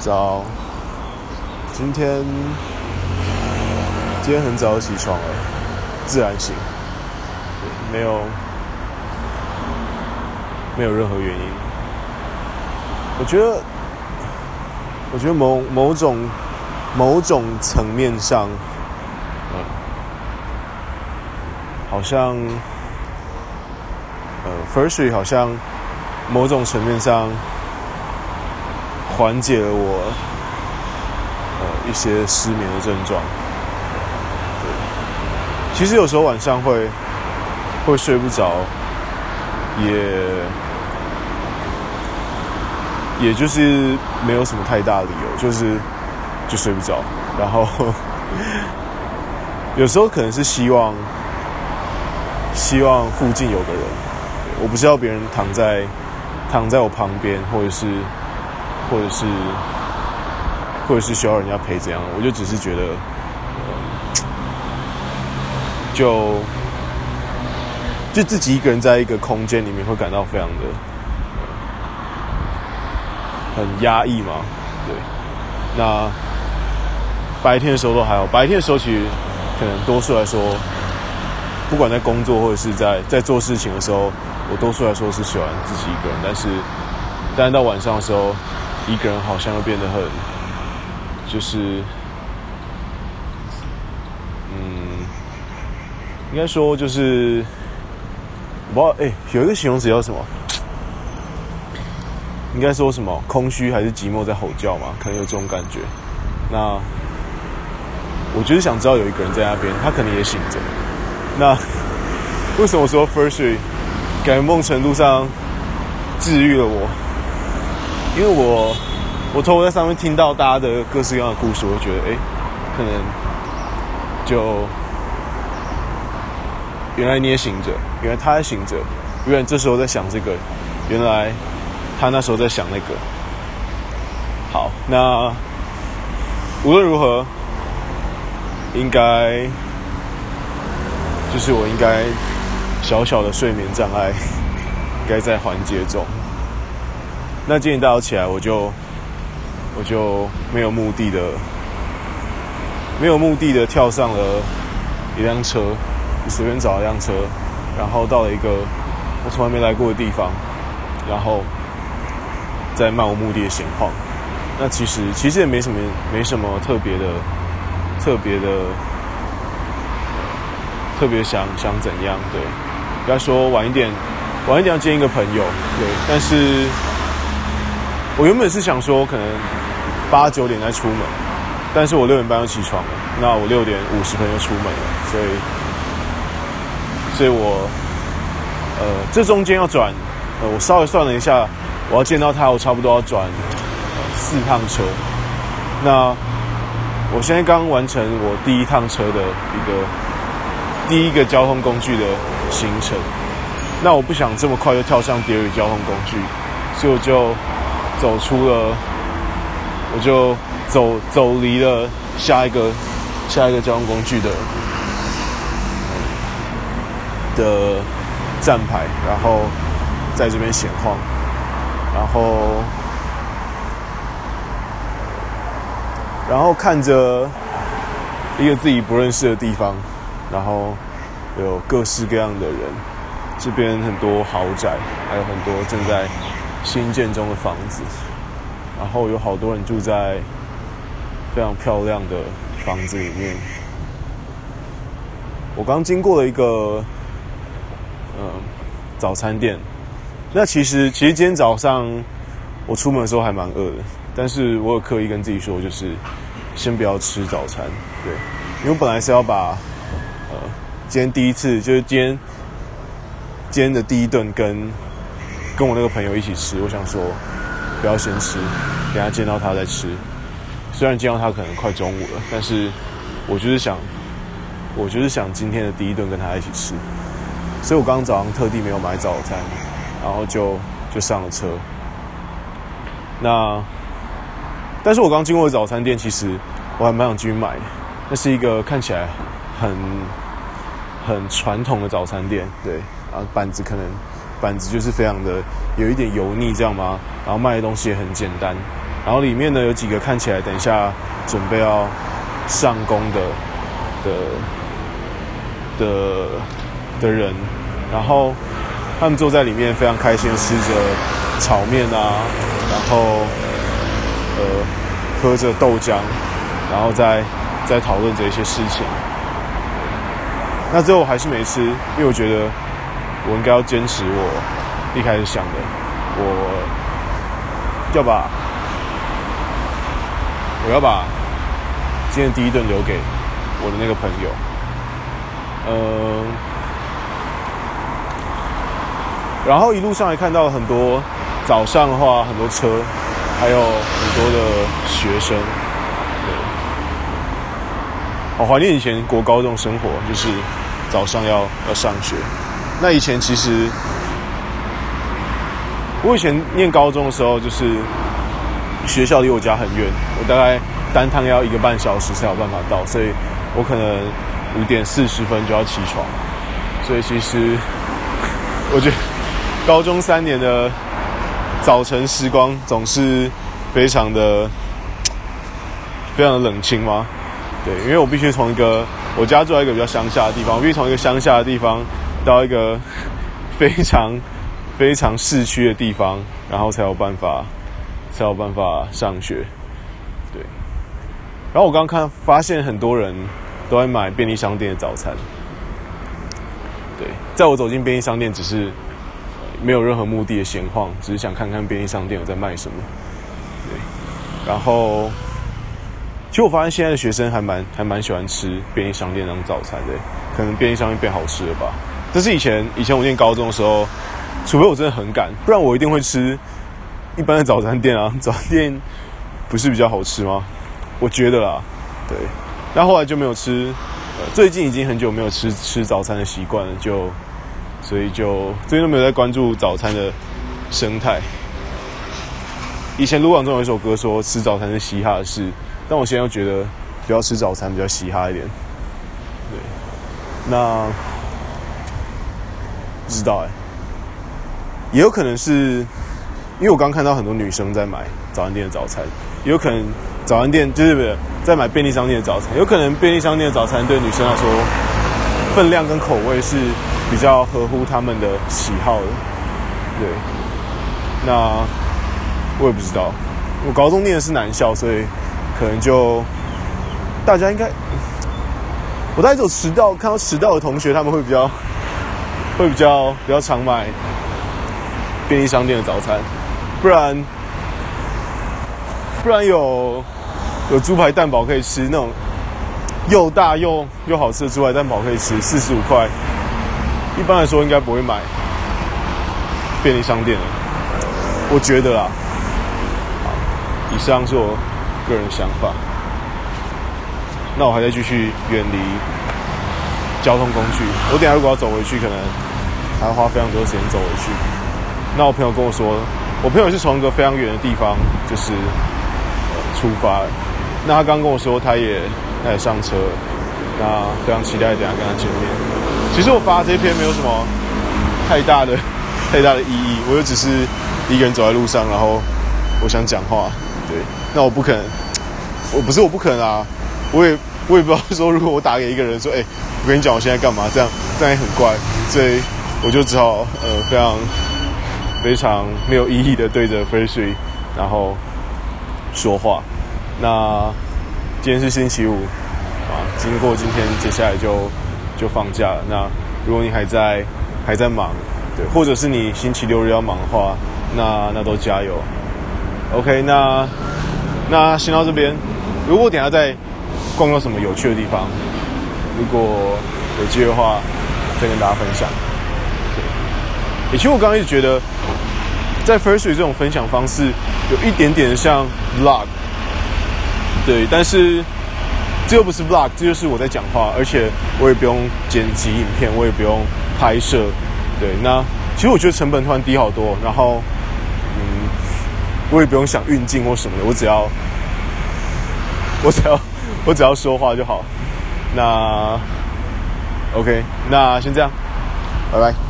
早，今天今天很早起床了，自然醒，沒有沒有任何原因。我覺得我覺得某某種某種層面上，嗯，好像呃，Firstory 好像某種層面上。緩解了我，呃，一些失眠的症狀。對，其實有時候晚上會會睡不着，也也就是沒有什麼太大的理由，就是就睡不着。然後 有時候可能是希望希望附近有個人，我不知道別人躺在躺在我旁邊，或者是。或者是，或者是需要人家陪，這樣，我就只是覺得，嗯、就就自己一個人在一個空間裡面會感到非常的很壓抑嘛，對。那白天的時候都還好，白天的時候其實可能多數來說，不管在工作或者是在在做事情的時候，我多數來說是喜歡自己一個人，但是但是到晚上的時候，一個人好像又變得很，就是，嗯，應該說就是，我不知道，哎、欸，有一個形容詞叫什麼？應該說什麼？空虛還是寂寞在吼叫嘛？可能有這種感覺。那，我就是想知道有一個人在那邊，他可能也醒着。那，為什麼說 Firstory，某種程度上治癒了我？因為我我透過在上面聽到大家的各式各樣的故事，我覺得哎，可能就原來你也醒着，原來他也醒着，原來這時候在想這個，原來他那時候在想那個。好，那無論如何，應該就是我應該小小的睡眠障礙，應該在緩解中。那今天一大早起來，我就我就沒有目的的、沒有目的的跳上了一輛車，隨便找一輛車，然後到了一個我從來沒來過的地方，然後在漫無目的的閒逛。那其實其實也沒什麼沒什麼特別的、特別的、特別想想怎樣對。要說晚一點，晚一點要見一個朋友對，但是。我原本是想說，我可能八九點再出門，但是我六點半要起床了，那我六點五十分就出門了，所以，所以我，呃，這中間要轉，呃，我稍微算了一下，我要見到他，我差不多要轉、呃、四趟車，那我現在剛完成我第一趟車的一個第一個交通工具的行程，那我不想這麼快就跳上第二交通工具，所以我就。走出了，我就走走離了下一個下一個交通工具的的站牌，然後在這邊閒晃，然後然後看着一個自己不認識的地方，然後有各式各樣的人，這邊很多豪宅，還有很多正在。新建中的房子，然後有好多人住在非常漂亮的房子裡面。我剛經過了一個，嗯，早餐店。那其實，其實今天早上我出門的時候還蠻餓的，但是我有刻意跟自己說，就是先不要吃早餐，對，因為本來是要把，呃、嗯嗯，今天第一次，就是今天，今天的第一頓跟。跟我那個朋友一起吃，我想說不要先吃，等下見到他再吃。雖然見到他可能快中午了，但是我就是想，我就是想今天的第一頓跟他一起吃。所以我剛剛早上特地沒有買早餐，然後就就上了車。那，但是我剛經過的早餐店，其實我還蠻想去買。那是一個看起來很很傳統的早餐店，對啊，然後板子可能。板子就是非常的有一點油膩，這樣嗎？然後賣的東西也很簡單。然後裡面呢有幾個看起來等一下準備要上工的的的的人，然後他們坐在裡面非常開心的吃着炒麵啊，然後呃喝着豆漿，然後再在討論這些事情。那最後還是沒吃，因為我覺得。我應該要堅持我一開始想的，我要把我要把今天第一頓留給我的那個朋友。嗯，然後一路上還看到很多早上的話，很多車，還有很多的學生。對，好懷念以前國高中生活，就是早上要要上學。那以前其實，我以前念高中的時候，就是學校離我家很遠，我大概單趟要一個半小時才有辦法到，所以我可能五點四十分就要起床。所以其實我覺得高中三年的早晨時光總是非常的、非常的冷清嘛。對，因為我必須從一個我家住在一個比較鄉下的地方，我必須從一個鄉下的地方。到一個非常非常市區的地方，然後才有辦法才有辦法上學，對。然後我剛剛看發現很多人都在買便利商店的早餐，對。在我走進便利商店，只是沒有任何目的的閒逛，只是想看看便利商店有在賣什麼，對。然後其實我發現現在的學生還蠻還蠻喜歡吃便利商店那種早餐的，可能便利商店變好吃了吧。就是以前，以前我念高中的時候，除非我真的很趕，不然我一定會吃一般的早餐店啊。早餐店不是比較好吃嗎？我覺得啦，對。那後來就沒有吃，呃，最近已經很久沒有吃吃早餐的習慣了，就所以就最近都沒有在關注早餐的生態。以前盧廣仲有一首歌說吃早餐是嘻哈的事，但我現在又覺得不要吃早餐比較嘻哈一點。對，那。不知道哎、欸，也有可能是，因為我剛看到很多女生在買早餐店的早餐，也有可能早餐店就是在買便利商店的早餐，有可能便利商店的早餐對女生來說，分量跟口味是比較合乎他們的喜好的。對，那我也不知道，我高中念的是男校，所以可能就大家應該，我在走遲到看到遲到的同學，他們會比較。會比較比較常買便利商店的早餐，不然不然有有豬排蛋堡可以吃，那種又大又又好吃的豬排蛋堡可以吃四十五塊，一般來說應該不會買便利商店的。我覺得啊，以上是我個人的想法，那我還在繼續遠離交通工具，我等下如果要走回去，可能還要花非常多時間走回去。那我朋友跟我說，我朋友是從一個非常遠的地方就是出發，那他剛跟我說他也他也上車，那非常期待等下跟他見面。其實我發這一篇沒有什麼太大的太大的意義，我又只是一個人走在路上，然後我想講話，對，那我不肯，我不是我不肯啊，我也。我也不知道說，如果我打給一個人說，哎、欸，我跟你講，我現在幹嘛？這樣，這樣也很怪，所以我就只好呃，非常非常沒有意義的對着 Firstory 然後說話。那今天是星期五啊，經過今天，接下來就就放假了。那如果你還在還在忙，對，或者是你星期六日要忙的話，那那都加油。OK，那那先到這邊。如果等下再，逛到什麼有趣的地方？如果有機會的話，再跟大家分享。對，其實我剛剛一直覺得，在 First 這種分享方式有一點點像 Vlog，對，但是這又不是 Vlog，這就是我在講話，而且我也不用剪輯影片，我也不用拍攝，對。那其實我覺得成本突然低好多，然後，嗯，我也不用想運鏡或什麼的，我只要，我只要。我只要說話就好，那，OK，那先這樣，拜拜。